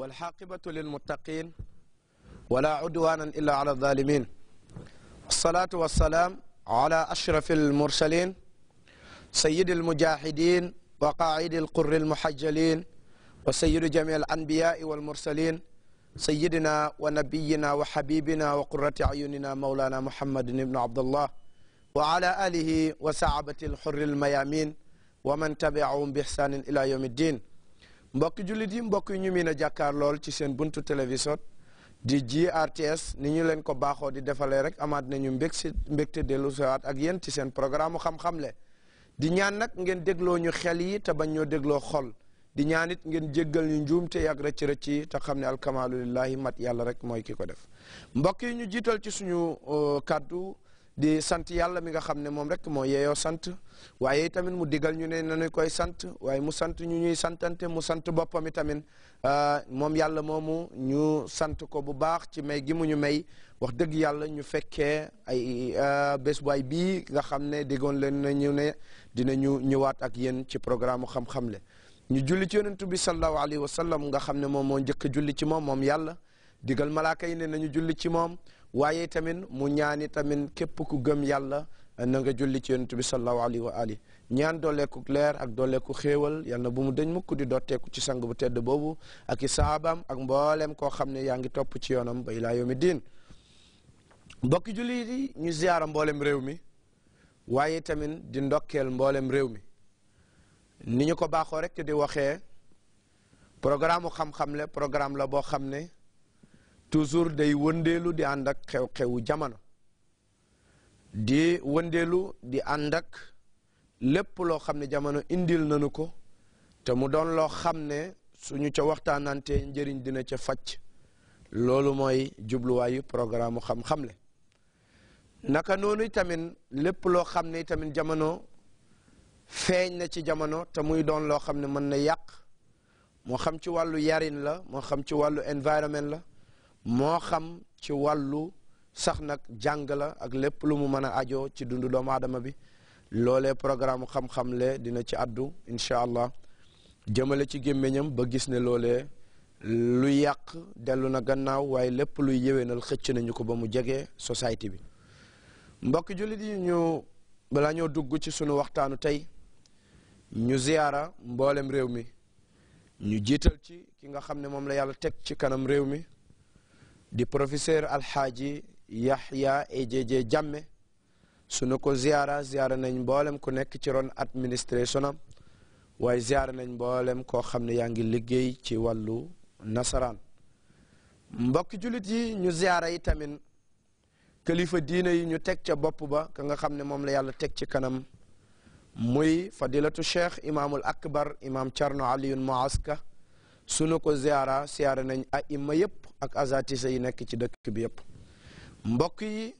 walxaqibatu lilmuttaqin wala udwanan illa ala alzalimin alsalatu walsalaam ala ashraf almursalin sayidi almujahidin wa qaacidi alqurri almuhajjalin wa sayidu jami alanbiyai walmursalin sayidina wa nabiyina wa xabibina wa qurati ayunina maulana muhammadin ibnu abdullah wa ala alihi wa saabati alxurri almayamin wa man tabiahum bi ixsanin ila yawmi ddin mbokki jullit yi mbokk yi ñu miin a jàkkaar lool ci seen buntu télévision di GRTS ni ñu leen ko baaxoo di defalee rek amaat nañu mbég si mbégte dellu siwaat ak yéen ci seen programme xam-xam le di ñaan nag ngeen dégloo ñu xel yi te bañ ñoo dégloo xol di ñaanit ngeen jéggal ñu njuum te yàgg rëcc rëcc te xam ne alkamaalu lillahi mat yàlla rek mooy ki ko def mbokk ñu jiital ci suñu euh, kàddu di sant yàlla mi nga xam ne moom rek moo yeeyoo sant waaye tamit mu digal ñu ne nañu koy sant waaye mu sant ñu ñuy santante mu sant boppam itamit ah, moom yàlla moomu ñu sant ko bu baax ci may gi mu ñu may wax dëgg yàlla ñu fekkee ay ah, bés bu ay bii nga xam ne diggoon leen na ñu ne dina dinañu ñëwaat ak yen ci programme xam-xam le ñu julli ci yonentu bi sallallahu alayhi wa sallam nga xam ne moom moo njëkk julli ci moom moom yàlla digal malaaka yi ne nañu julli ci moom waaye tamit mu ñaani tamit képp ku gëm yàlla na julli ci yonent bi sallallahu alayhi wa ali ñaan dooleeku leer ak dooleeku xéewal yal bu mu dëñ mukk di dotteeku ci sang bu tedd boobu ak i saabam ak mbooleem koo xam ne yaa ngi topp ci yoonam ba ilaa yawmi diin mbokki julli yi ñu ziyaara mboolem réew mi waaye tamit di ndokkeel mboolem réew mi ni ñu ko baaxoo rek di waxee programme xam-xam le programme la boo xam ne toujours day wëndeelu di ànd ak xew-xewu jamono di di ànd lépp loo xam ne jamono indil nanu ko te mu doon loo xam ne suñu ca waxtaanante njëriñ dina ca facc loolu mooy jubluwaayu programme mu xam-xam le naka noonu tamit lépp loo xam ne tamit jamono feeñ na ci jamono te muy doon loo xam ne mën na yàq moo xam ci wàllu yarin la moo xam ci wàllu environnement la moo xam ci wàllu sax nag jàng la ak lépp lu mu mën a ajoo ci dundu doomu aadama bi loole programme xam-xam le dina ci addu incha allah jëmale ci gémmiñam ba gis ne loolee lu yàq dellu na gannaaw waaye lépp luy yéwénal xëcc nañu ko ba mu jege société bi mbokk jullit yi ñu balaa ñoo dugg ci sunu waxtaanu tey ñu ziyaara mboolem réew mi ñu jiital ci ki nga xam ne moom la yàlla teg ci kanam réew mi di professeur alxaaji Yahya AJJ Jammeh sunu ko ziara ziara nañ mboolem ku nekk ci ron administration am waaye ziara nañ mboolem koo xam ne yaa ngi liggéey ci wàllu nasaraan mbokk jullit yi ñu ziara yi tamit kilifa diine yi ñu teg ca bopp ba ka nga xam ne moom la yàlla teg ci kanam muy fadilatu cheikh imaamul akbar imaam Thierno Alioune Moaska sunu ko ziara ziara nañ aima yëpp ak asatise yi nekk ci dëkk bi yépp mbokk yi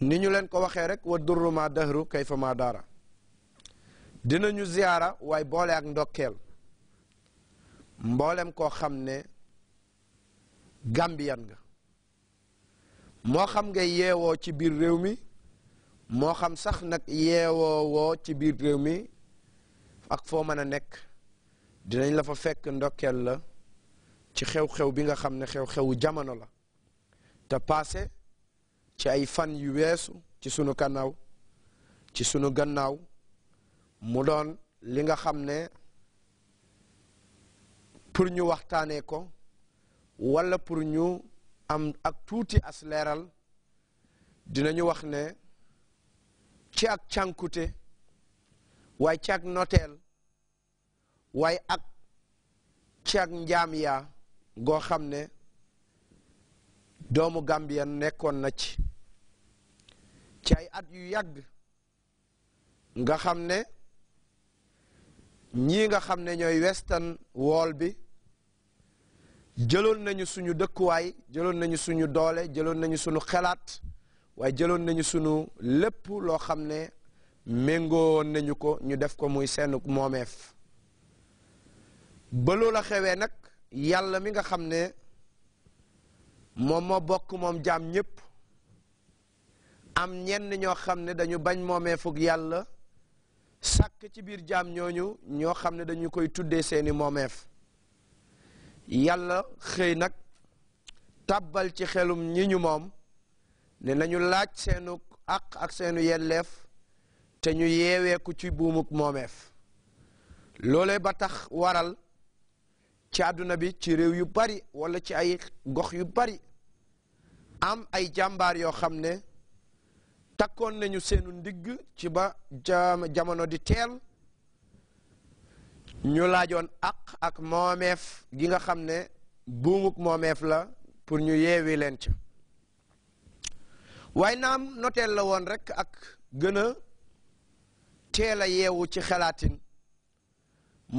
ni ñu leen ko waxee rek wa durru ma dahru kayfa ma daara dinañu ziyaara waaye boole ak ndokkeel mbooleem koo xam ne gambiyan nga moo xam nga yeewoo ci biir réew mi moo xam sax nag yeewoo ci biir réew mi ak foo mën a nekk dinañ la fa fekk ndokkeel la ci xew-xew bi nga xam ne xew-xewu jamono la te passé ci ay fan yu weesu ci sunu kannaaw ci sunu gannaaw mu doon li nga xam ne pour ñu waxtaanee ko wala pour ñu am ak tuuti as leeral dinañu wax ne ci ak cànkute waaye ci ak noteel waaye ak ci ak njaam yaa goo xam ne doomu Gambien nekkoon na ci ci ay at yu yàgg nga xam ne ñii nga xam ne ñooy western wool bi jëloon nañu suñu dëkkuwaay jëloon nañu suñu doole jëloon nañu suñu xelaat waaye jëloon nañu suñu lépp loo xam ne méngoon nañu ko ñu def ko muy seenu moomeef ba la xewee nag yàlla mi nga xam ne moom moo bokk moom jaam ñépp am ñenn ñoo xam ne dañu bañ moomeefuk yàlla sàkk ci biir jaam ñooñu ñoo xam ne dañu koy tuddee seeni moomeef yàlla xëy nag tàbbal ci xelum ñi ñu moom ne nañu laaj seenu àq ak seenu yelleef te ñu yeeweeku ci buumuk moomeef loole ba tax waral ci àdduna bi ci réew yu bari wala ci ay gox yu bari am ay jàmbaar yoo xam ne takkoon nañu seenu ndigg ci ba jamono di teel ñu laajoon aq ak moomeef gi nga xam ne buumuk moomeef la pour ñu yeewi leen ca waaye naam noteel la woon rekk ak gën a teel yeewu ci xelaatin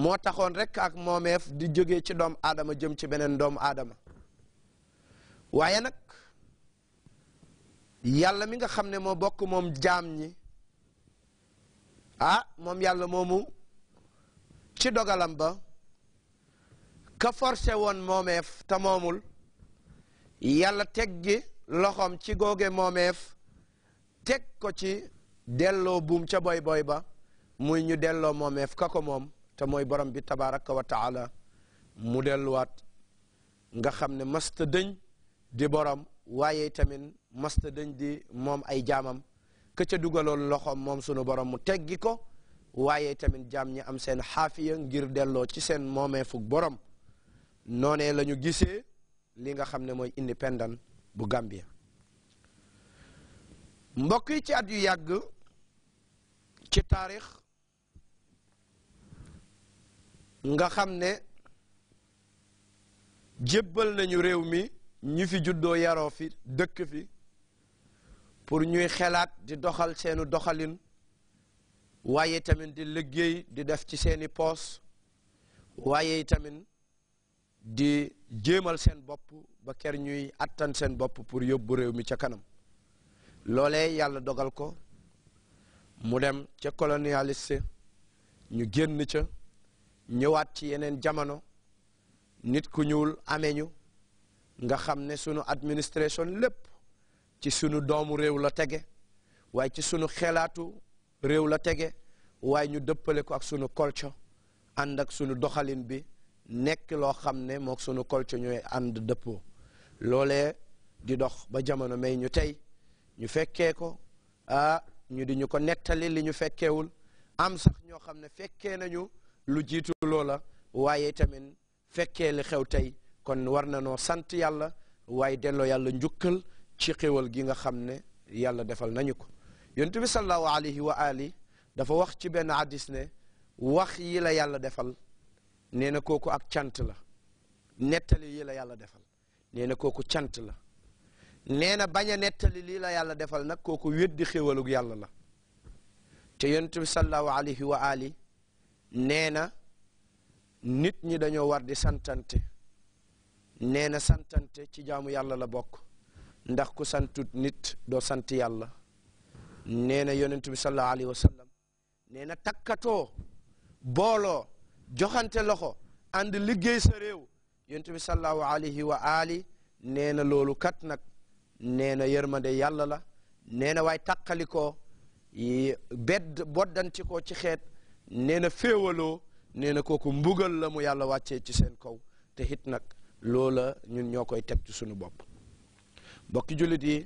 moo taxoon rekk ak moomeef di jóge ci doom aadama jëm ci beneen doomu aadama waaye nag yàlla mi nga xam ne moo bokk moom jaam ñi ah moom yàlla moomu ci dogalam ba ka forcé woon moomeef te moomul yàlla teggi loxoom ci googe moomeef teg ko ci delloo buum ca boy boy ba muy ñu delloo moomeef ka ko moom te mooy boroom bi tabaraka wa mu delluwaat nga xam ne masta dëñ di borom waaye tamit masta dëñ di moom ay jaamam ka ca dugaloon loxoom moom sunu boroom mu teggi ko waaye tamit jaam ñi am seen xaafiya ngir delloo ci seen moomee fug borom noonee la gisee li nga xam ne mooy indépendant bu Gambia mbokk yi ci at yu yàgg ci taarix nga xam ne jébbal nañu réew mi ñu fi juddoo yaroo fi dëkk fi pour ñuy xelaat di doxal seenu doxalin waaye tamit di liggéey di def ci seeni poos waaye tamit di jéemal seen bopp ba kër ñuy attan seen bopp pour yóbbu réew mi ca kanam loolee yàlla dogal ko mu dem ca colonialiste ñu génn ca ñëwaat ci yeneen jamono nit ku ñuul amee ñu nga xam ne sunu administration lépp ci sunu doomu réew la tege waaye ci sunu xelaatu réew la tege waaye ñu dëppale ko ak sunu culture ànd ak sunu doxalin bi nekk loo xam ne moo sunu culture ñooy ànd dëppoo loolee di dox ba jamono may ñu tey ñu fekkee ko ah ñu di ñu ko nettali li ñu fekkewul am sax ñoo xam ne fekkee nañu lu jiitu la waaye tamit fekkee li xew tey kon war na noo sant yàlla waaye delloo yàlla njukkal ci xéwal gi nga xam ne yàlla defal nañu ko yonent bi sallallahu alayhi wa ali dafa wax ci benn hadis ne wax yi la yàlla defal nee na kooku ak cant la nettali yi yàlla defal nee na kooku cant la nee na bañ a nettali lii la yàlla defal nag kooku weddi xéwalug yàlla la te yonent bi alayhi wa ali nee na nit ñi dañoo war di santante nee na santante ci jaamu yàlla la bokk ndax ku santut nit doo sant yàlla nee na yonent bi sallallahu wa sallam nee na takkatoo booloo joxante loxo ànd liggéey sa réew yonent bi sallallahu alayhi wa ali nee na loolu kat nag nee na yërmande yàlla la neena na waaye takkalikoo bedd ko ci xeet nee na féewaloo nee na kooku mbugal la mu yàlla wàccee ci seen kaw te it nag loola ñun ñoo koy teg ci sunu bopp mbokki jullit yi